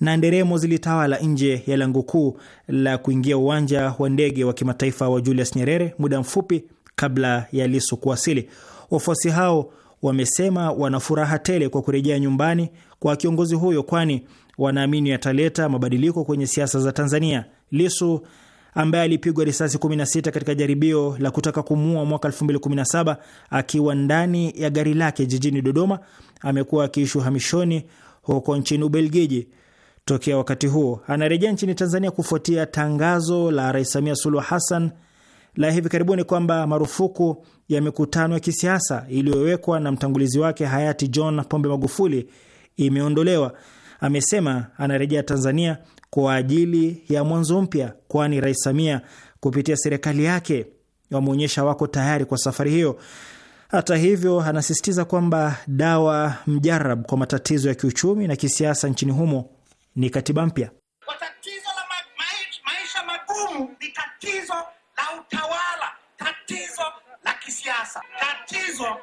na nderemo zilitawala nje ya lango kuu la kuingia uwanja wa ndege wa kimataifa wa Julius Nyerere muda mfupi kabla ya Lisu kuwasili. Wafuasi hao wamesema wana furaha tele kwa kurejea nyumbani kwa kiongozi huyo, kwani wanaamini ataleta mabadiliko kwenye siasa za Tanzania. Lisu ambaye alipigwa risasi 16 katika jaribio la kutaka kumuua mwaka 2017 akiwa ndani ya gari lake jijini Dodoma, amekuwa akiishi uhamishoni huko nchini Ubelgiji tokea wakati huo. Anarejea nchini Tanzania kufuatia tangazo la Rais Samia Suluhu Hassan la hivi karibuni kwamba marufuku ya mikutano ya kisiasa iliyowekwa na mtangulizi wake hayati John Pombe Magufuli imeondolewa. Amesema anarejea Tanzania kwa ajili ya mwanzo mpya, kwani Rais Samia kupitia serikali yake wameonyesha wako tayari kwa safari hiyo. Hata hivyo, anasisitiza kwamba dawa mjarab kwa matatizo ya kiuchumi na kisiasa nchini humo ni katiba mpya. Tatizo la ma maisha magumu ni tatizo la utawala, tatizo la kisiasa, tatizo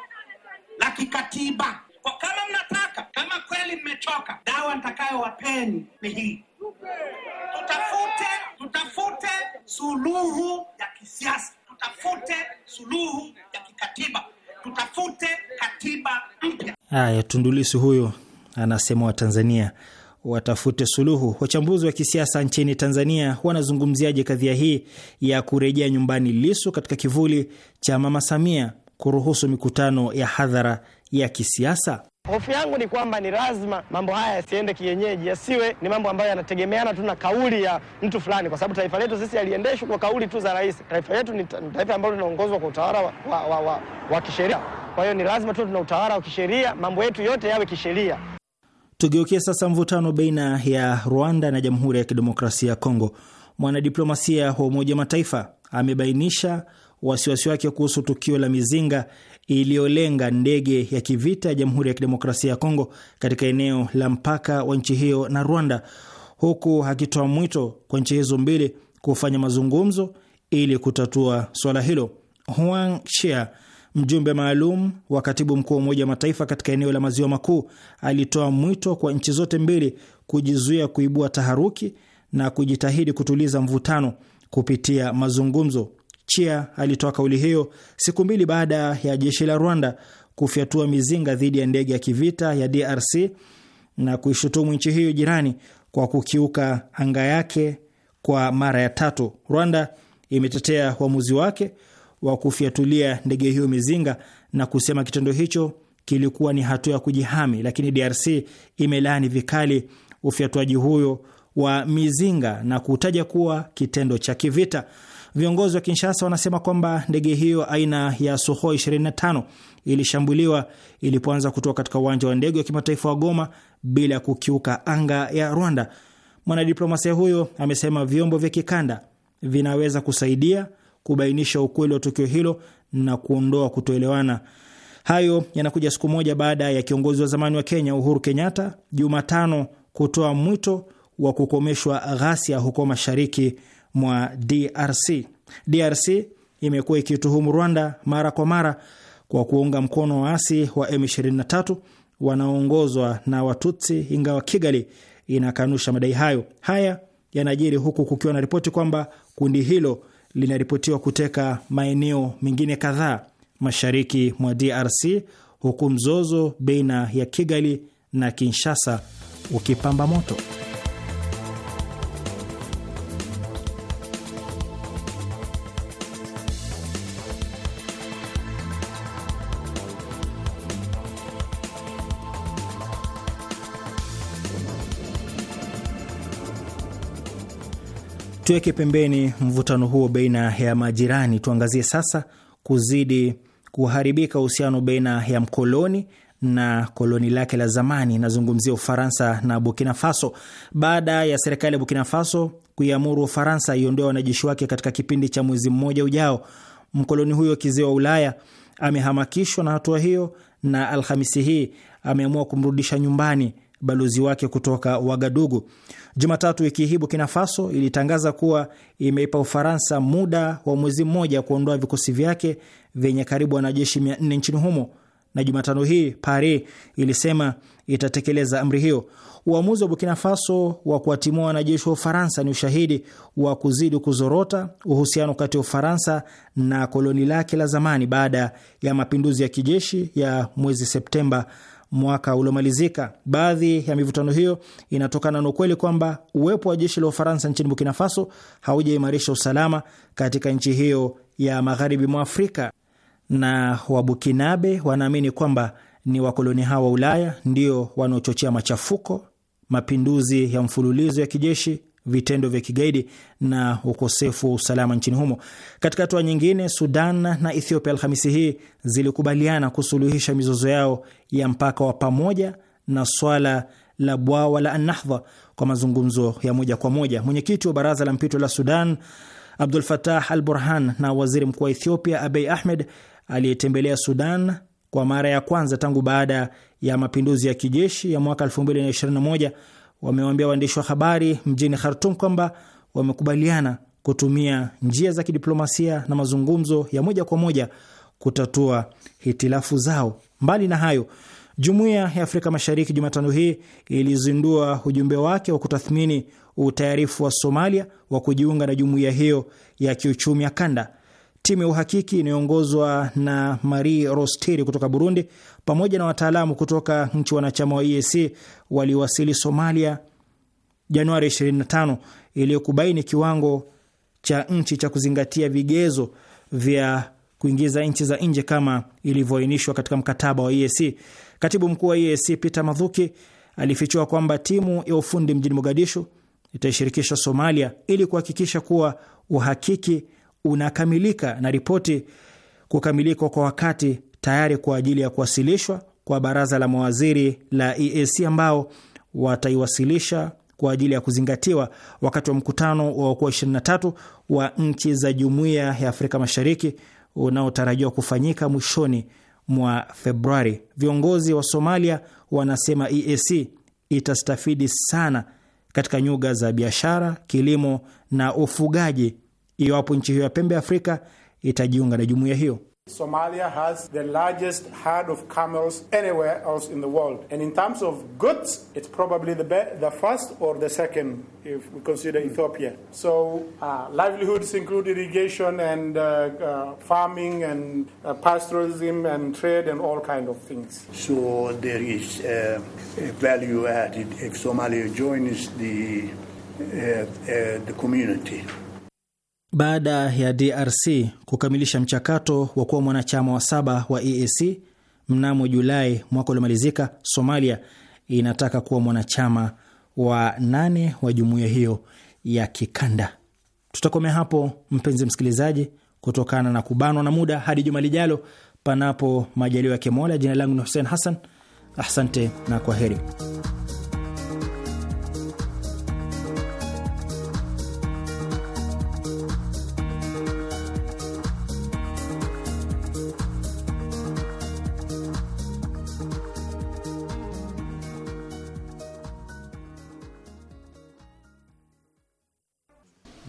la kikatiba. Kwa kama mnataka, kama kweli mmechoka, dawa nitakayowapeni ni hii, tutafute tutafute suluhu ya kisiasa, tutafute suluhu ya kikatiba, tutafute katiba mpya. Haya, Tundulisu huyo anasema Watanzania watafute suluhu. Wachambuzi wa kisiasa nchini Tanzania wanazungumziaje kadhia hii ya kurejea nyumbani Lisu katika kivuli cha Mama Samia kuruhusu mikutano ya hadhara ya kisiasa? Hofu yangu ni kwamba ni lazima mambo haya yasiende kienyeji, yasiwe ni mambo ambayo yanategemeana tu na kauli ya mtu fulani, kwa sababu taifa letu sisi aliendeshwa kwa kauli tu za rais. Taifa letu ni taifa ambalo linaongozwa kwa utawala wa, wa, wa, wa, wa kisheria. Kwa hiyo ni lazima tu tuna utawala wa kisheria, mambo yetu yote yawe kisheria. Tugeukie sasa mvutano baina ya Rwanda na Jamhuri ya Kidemokrasia ya Kongo. Mwanadiplomasia wa Umoja wa Mataifa amebainisha wasiwasi wake kuhusu tukio la mizinga iliyolenga ndege ya kivita ya Jamhuri ya Kidemokrasia ya Kongo katika eneo la mpaka wa nchi hiyo na Rwanda, huku akitoa mwito kwa nchi hizo mbili kufanya mazungumzo ili kutatua swala hilo. Huang Shia Mjumbe maalum wa katibu mkuu wa Umoja wa Mataifa katika eneo la Maziwa Makuu alitoa mwito kwa nchi zote mbili kujizuia kuibua taharuki na kujitahidi kutuliza mvutano kupitia mazungumzo. Chia alitoa kauli hiyo siku mbili baada ya jeshi la Rwanda kufyatua mizinga dhidi ya ndege ya kivita ya DRC na kuishutumu nchi hiyo jirani kwa kukiuka anga yake kwa mara ya tatu. Rwanda imetetea uamuzi wake wa kufyatulia ndege hiyo mizinga na kusema kitendo hicho kilikuwa ni hatua ya kujihami, lakini DRC imelaani vikali ufyatuaji huyo wa mizinga na kutaja kuwa kitendo cha kivita. Viongozi wa Kinshasa wanasema kwamba ndege hiyo aina ya Suhoi 25 ilishambuliwa ilipoanza kutoka katika uwanja wa ndege wa kimataifa wa Goma bila ya kukiuka anga ya Rwanda. Mwanadiplomasia huyo amesema vyombo vya kikanda vinaweza kusaidia kubainisha ukweli wa tukio hilo na kuondoa kutoelewana. Hayo yanakuja siku moja baada ya kiongozi wa zamani wa Kenya Uhuru Kenyatta Jumatano kutoa mwito wa kukomeshwa ghasia huko mashariki mwa DRC. DRC imekuwa ikituhumu Rwanda mara kwa mara kwa kuunga mkono waasi wa M23 wanaoongozwa na Watutsi, ingawa Kigali inakanusha madai hayo. Haya yanajiri huku kukiwa na ripoti kwamba kundi hilo linaripotiwa kuteka maeneo mengine kadhaa mashariki mwa DRC huku mzozo baina ya Kigali na Kinshasa ukipamba moto. Tuweke pembeni mvutano huo baina ya majirani, tuangazie sasa kuzidi kuharibika uhusiano baina ya mkoloni na koloni lake la zamani. Nazungumzia Ufaransa na Burkina Faso. Baada ya serikali ya Burkina Faso kuiamuru Ufaransa iondoe wanajeshi wake katika kipindi cha mwezi mmoja ujao, mkoloni huyo kizee wa Ulaya amehamakishwa na hatua hiyo na Alhamisi hii ameamua kumrudisha nyumbani balozi wake kutoka Wagadugu. Jumatatu wiki hii Burkina Faso ilitangaza kuwa imeipa Ufaransa muda wa mwezi mmoja kuondoa vikosi vyake vyenye karibu wanajeshi 400 nchini humo, na Jumatano hii Paris ilisema itatekeleza amri hiyo. Uamuzi wa Burkina Faso wa kuwatimua wanajeshi wa Ufaransa ni ushahidi wa kuzidi kuzorota uhusiano kati ya Ufaransa na koloni lake la zamani baada ya mapinduzi ya kijeshi ya mwezi Septemba mwaka uliomalizika. Baadhi ya mivutano hiyo inatokana na ukweli kwamba uwepo wa jeshi la Ufaransa nchini Burkina Faso haujaimarisha usalama katika nchi hiyo ya magharibi mwa Afrika, na Wabukinabe wanaamini kwamba ni wakoloni hao wa Ulaya ndio wanaochochea machafuko, mapinduzi ya mfululizo ya kijeshi vitendo vya kigaidi na ukosefu wa usalama nchini humo. Katika hatua nyingine, Sudan na Ethiopia Alhamisi hii zilikubaliana kusuluhisha mizozo yao ya mpaka wa pamoja na swala la bwawa la Annahdha kwa mazungumzo ya moja kwa moja. Mwenyekiti wa baraza la mpito la Sudan Abdul fatah Al Burhan na waziri mkuu wa Ethiopia Abiy Ahmed aliyetembelea Sudan kwa mara ya kwanza tangu baada ya mapinduzi ya kijeshi ya mwaka 2021 wamewaambia waandishi wa habari mjini Khartum kwamba wamekubaliana kutumia njia za kidiplomasia na mazungumzo ya moja kwa moja kutatua hitilafu zao. Mbali na hayo, Jumuiya ya Afrika Mashariki Jumatano hii ilizindua ujumbe wake wa kutathmini utayarifu wa Somalia wa kujiunga na jumuiya hiyo ya kiuchumi ya kanda timu ya uhakiki inayoongozwa na Marie Rosteri kutoka Burundi pamoja na wataalamu kutoka nchi wanachama wa EAC waliwasili Somalia Januari 25 iliyokubaini kiwango cha nchi cha kuzingatia vigezo vya kuingiza nchi za nje kama ilivyoainishwa katika mkataba wa EAC. Katibu mkuu wa EAC Peter madhuki alifichua kwamba timu ya ufundi mjini Mogadishu itaishirikisha Somalia ili kuhakikisha kuwa uhakiki unakamilika na ripoti kukamilika kwa wakati tayari kwa ajili ya kuwasilishwa kwa baraza la mawaziri la EAC ambao wataiwasilisha kwa ajili ya kuzingatiwa wakati wa mkutano wa wakuu wa 23 wa nchi za Jumuiya ya Afrika Mashariki unaotarajiwa kufanyika mwishoni mwa Februari. Viongozi wa Somalia wanasema EAC itastafidi sana katika nyuga za biashara, kilimo na ufugaji iwapo nchi hiyo ya pembe Afrika itajiunga na jumuiya hiyo. Somalia has the largest herd of camels anywhere else in the world. And in terms of goods, it's probably the, be- the first or the second if we consider Ethiopia. So uh, livelihoods include irrigation and uh, uh, farming and uh, pastoralism and trade and all kind of things. So there is uh, a value added if Somalia joins the, uh, the community. Baada ya DRC kukamilisha mchakato wa kuwa mwanachama wa saba wa EAC mnamo Julai mwaka uliomalizika, Somalia inataka kuwa mwanachama wa nane wa jumuiya hiyo ya kikanda. Tutakomea hapo mpenzi msikilizaji, kutokana na kubanwa na muda, hadi juma lijalo, panapo majaliwa ya kemola Jina langu ni Hussein Hassan, asante na kwa heri.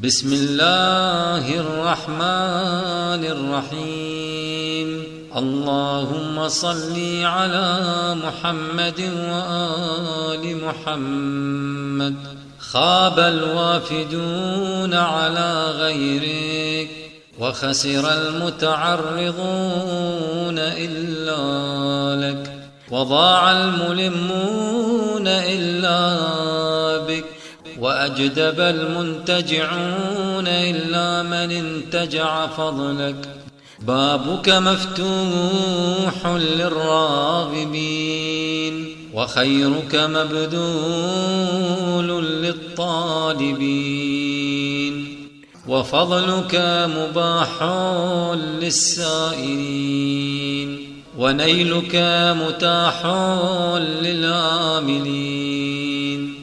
بسم الله الرحمن الرحيم اللهم صل على محمد وآل محمد خاب الوافدون على غيرك وخسر المتعرضون إلا لك وضاع الملمون إلا بك وأجدب المنتجعون إلا من انتجع فضلك بابك مفتوح للراغبين وخيرك مبذول للطالبين وفضلك مباح للسائلين ونيلك متاح للآملين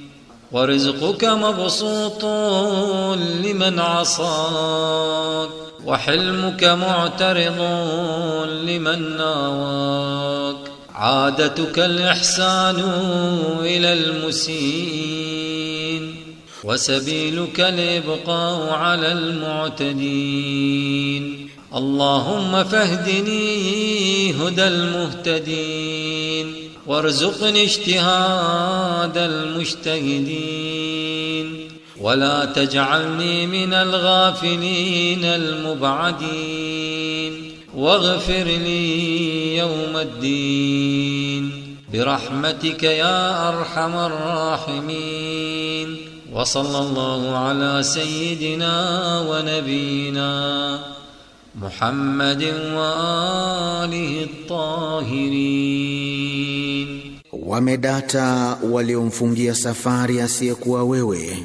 ورزقك مبسوط لمن عصاك وحلمك معترض لمن ناواك عادتك الإحسان إلى المسيء وسبيلك الإبقاء على المعتدين اللهم فاهدني هدى المهتدين وارزقني اجتهاد المجتهدين ولا تجعلني من الغافلين المبعدين واغفر لي يوم الدين برحمتك يا أرحم الراحمين وصلى الله على سيدنا ونبينا Muhammad wa alihi tahirin, wamedata waliomfungia safari asiyekuwa wewe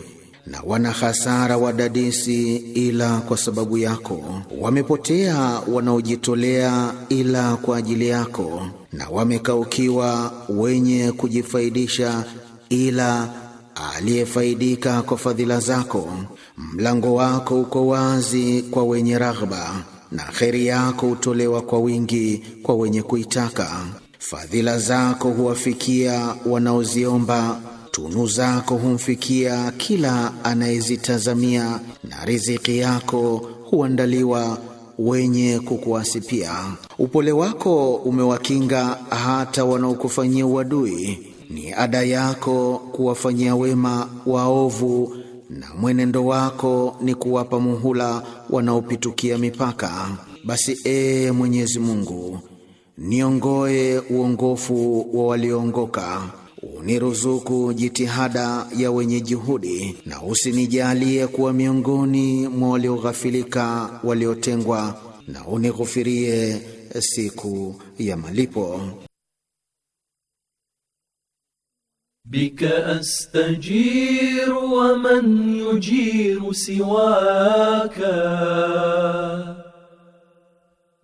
na wana hasara wadadisi ila kwa sababu yako, wamepotea wanaojitolea ila kwa ajili yako, na wamekaukiwa wenye kujifaidisha ila aliyefaidika kwa fadhila zako. Mlango wako uko wazi kwa wenye raghba na kheri yako hutolewa kwa wingi kwa wenye kuitaka. Fadhila zako huwafikia wanaoziomba, tunu zako humfikia kila anayezitazamia, na riziki yako huandaliwa wenye kukuasi pia. Upole wako umewakinga hata wanaokufanyia uadui. Ni ada yako kuwafanyia wema waovu na mwenendo wako ni kuwapa muhula wanaopitukia mipaka. Basi ee Mwenyezi Mungu, niongoe uongofu wa walioongoka, uniruzuku jitihada ya wenye juhudi, na usinijalie kuwa miongoni mwa walioghafilika waliotengwa, na unighufirie siku ya malipo. بك أستجير ومن يجير سواك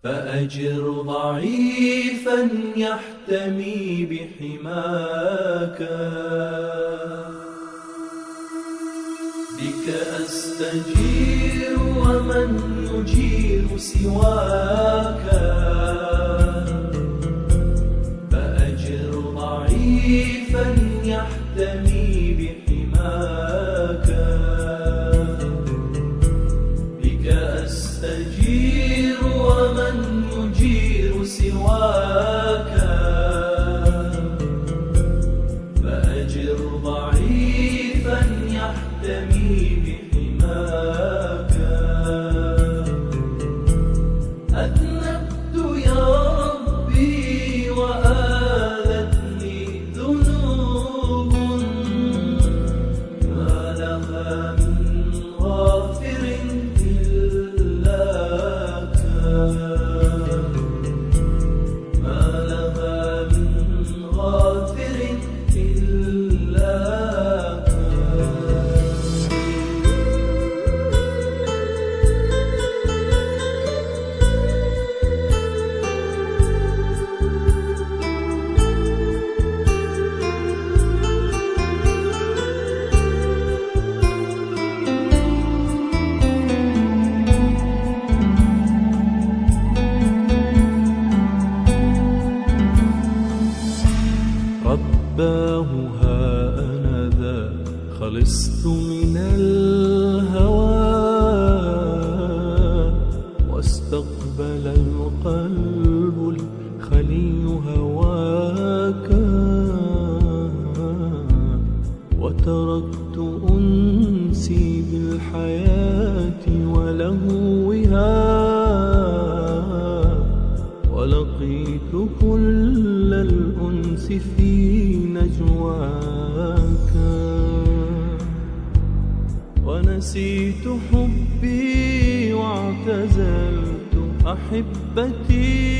فأجر ضعيفا يحتمي بحماك بك أستجير ومن يجير سواك القلب الخلي هواك وتركت أنسي بالحياة ولهوها ولقيت كل الأنس في نجواك ونسيت حب محبتي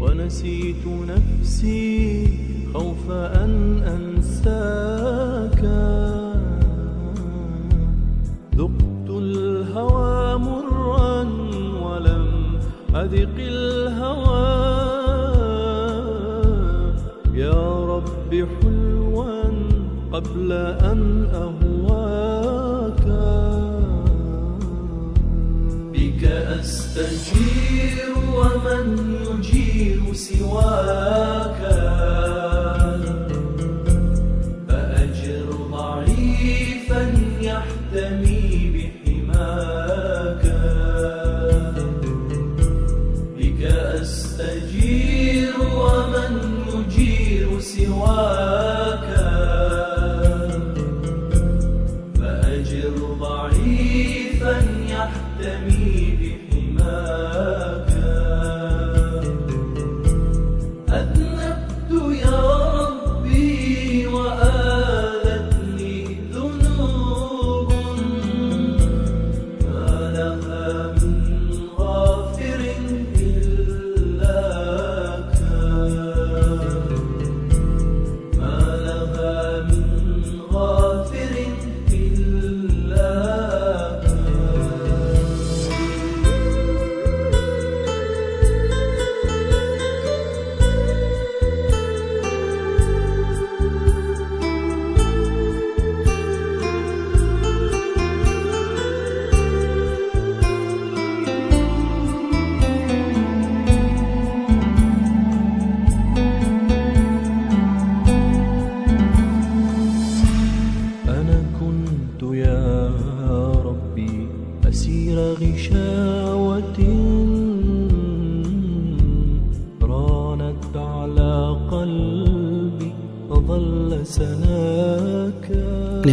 ونسيت نفسي خوف أن أنساك ذقت الهوى مرا ولم أذق الهوى يا رب حلوا قبل أن أهوى تجير ومن يجير سواك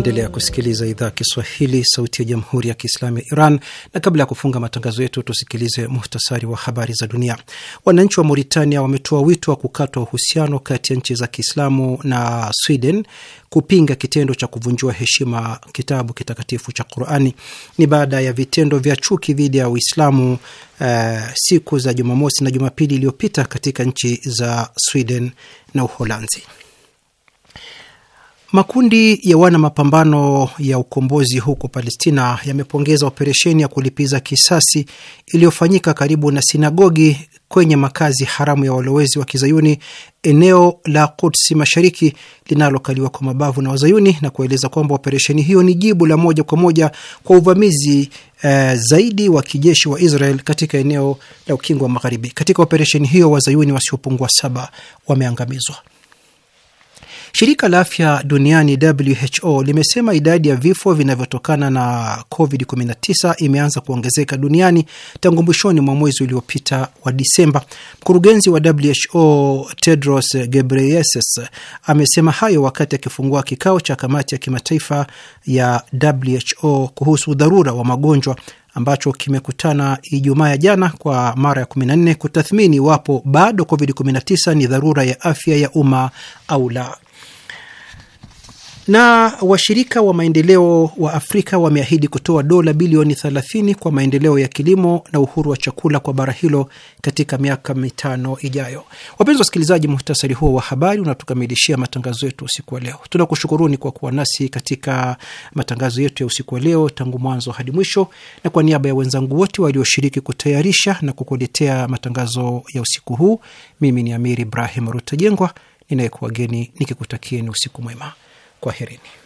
Unaendelea kusikiliza idhaa ya Kiswahili, sauti ya jamhuri ya kiislamu ya Iran. Na kabla ya kufunga matangazo yetu, tusikilize muhtasari wa habari za dunia. Wananchi wa Mauritania wametoa wito wa kukatwa uhusiano kati ya nchi za Kiislamu na Sweden kupinga kitendo cha kuvunjiwa heshima kitabu kitakatifu cha Qurani. Ni baada ya vitendo vya chuki dhidi ya Uislamu uh, siku za Jumamosi na Jumapili iliyopita katika nchi za Sweden na Uholanzi. Makundi ya wana mapambano ya ukombozi huko Palestina yamepongeza operesheni ya kulipiza kisasi iliyofanyika karibu na sinagogi kwenye makazi haramu ya walowezi wa kizayuni eneo la Kutsi mashariki linalokaliwa kwa mabavu na wazayuni na kueleza kwamba operesheni hiyo ni jibu la moja kwa moja kwa uvamizi uh, zaidi wa kijeshi wa Israel katika eneo la ukingo wa magharibi. Katika operesheni hiyo wazayuni wasiopungua saba wameangamizwa. Shirika la afya duniani WHO limesema idadi ya vifo vinavyotokana na COVID-19 imeanza kuongezeka duniani tangu mwishoni mwa mwezi uliopita wa Disemba. Mkurugenzi wa WHO Tedros Gebreyesus amesema hayo wakati akifungua kikao cha kamati ya kimataifa ya WHO kuhusu dharura wa magonjwa ambacho kimekutana Ijumaa ya jana kwa mara ya 14 kutathmini iwapo bado COVID-19 ni dharura ya afya ya umma au la. Na washirika wa maendeleo wa Afrika wameahidi kutoa dola bilioni 30 kwa maendeleo ya kilimo na uhuru wa chakula kwa bara hilo katika miaka mitano ijayo. Wapenzi wasikilizaji, muhtasari huo wa habari unatukamilishia matangazo yetu usiku wa leo. Tunakushukuruni kwa kuwa nasi katika matangazo yetu ya usiku wa leo tangu mwanzo hadi mwisho, na kwa niaba ya wenzangu wote walioshiriki kutayarisha na kukuletea matangazo ya usiku huu, mimi ni Amir Ibrahim Rutajengwa ninayekuwageni nikikutakieni usiku mwema. Kwaherini.